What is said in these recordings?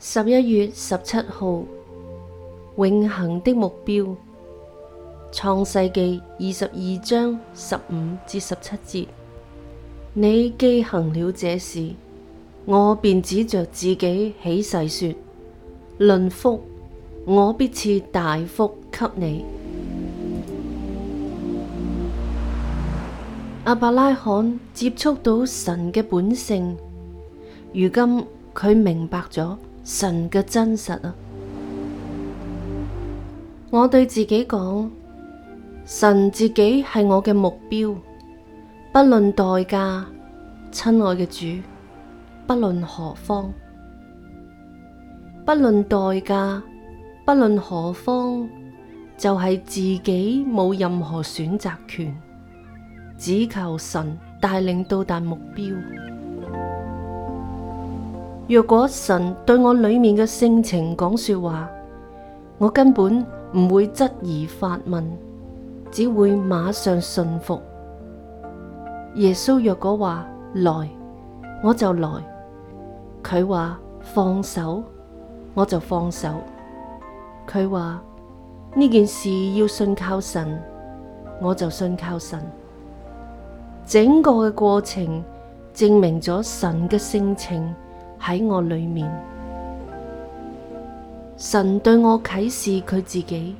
十一月十七號，永恒的目標，創世紀二十二章十五至十七節。你既行了這事，我便指着自己起誓說：論福，我必賜大福給你。阿伯拉罕接觸到神嘅本性，如今佢明白咗。神嘅真實啊！我對自己講：神自己係我嘅目標，不論代價，親愛嘅主，不論何方，不論代價，不論何方，就係自己冇任何選擇權，只求神帶領到達目標。若果神對我裏面嘅性情講說話，我根本唔會質疑、發問，只會馬上信服。耶穌若果話來，我就來；佢話放手，我就放手；佢話呢件事要信靠神，我就信靠神。整個嘅過程證明咗神嘅性情。喺我裏面，神對我啟示佢自己，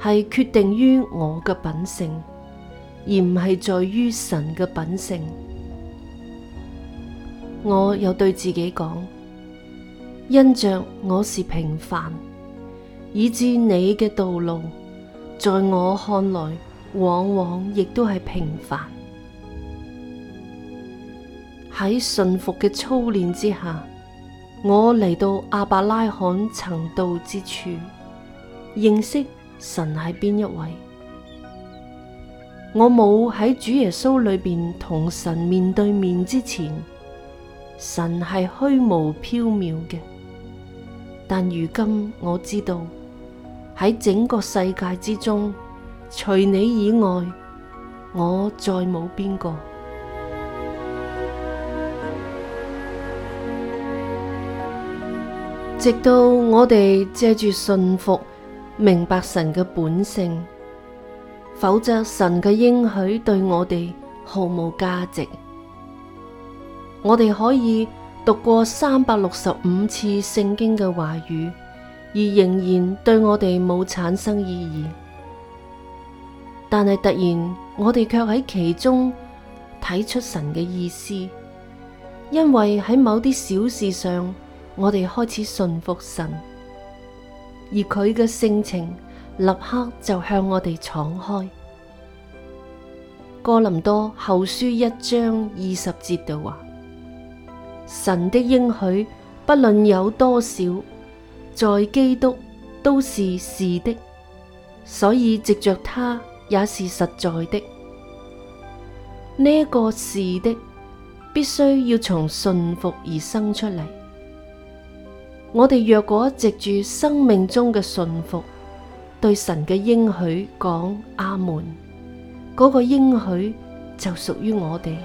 係決定於我嘅品性，而唔係在於神嘅品性。我又對自己講：因着我是平凡，以致你嘅道路，在我看來，往往亦都係平凡。喺順服嘅操練之下，我嚟到阿伯拉罕曾到之處，認識神係邊一位。我冇喺主耶穌裏面同神面對面之前，神係虛無縹緲嘅。但如今我知道，喺整個世界之中，除你以外，我再冇邊個。直到我哋借住信服，明白神嘅本性，否則神嘅應許對我哋毫無價值。我哋可以讀過三百六十五次聖經嘅話語，而仍然對我哋冇產生意義。但係突然，我哋卻喺其中睇出神嘅意思，因為喺某啲小事上。我哋開始信服神，而佢嘅性情立刻就向我哋敞開。哥林多後書一章二十節度話：神的應許不論有多少，在基督都是是的，所以藉着他也是實在的。呢、這、一個是的，必須要從信服而生出嚟。我哋若果藉住生命中嘅信服，對神嘅應許講阿門，嗰個應許就屬於我哋。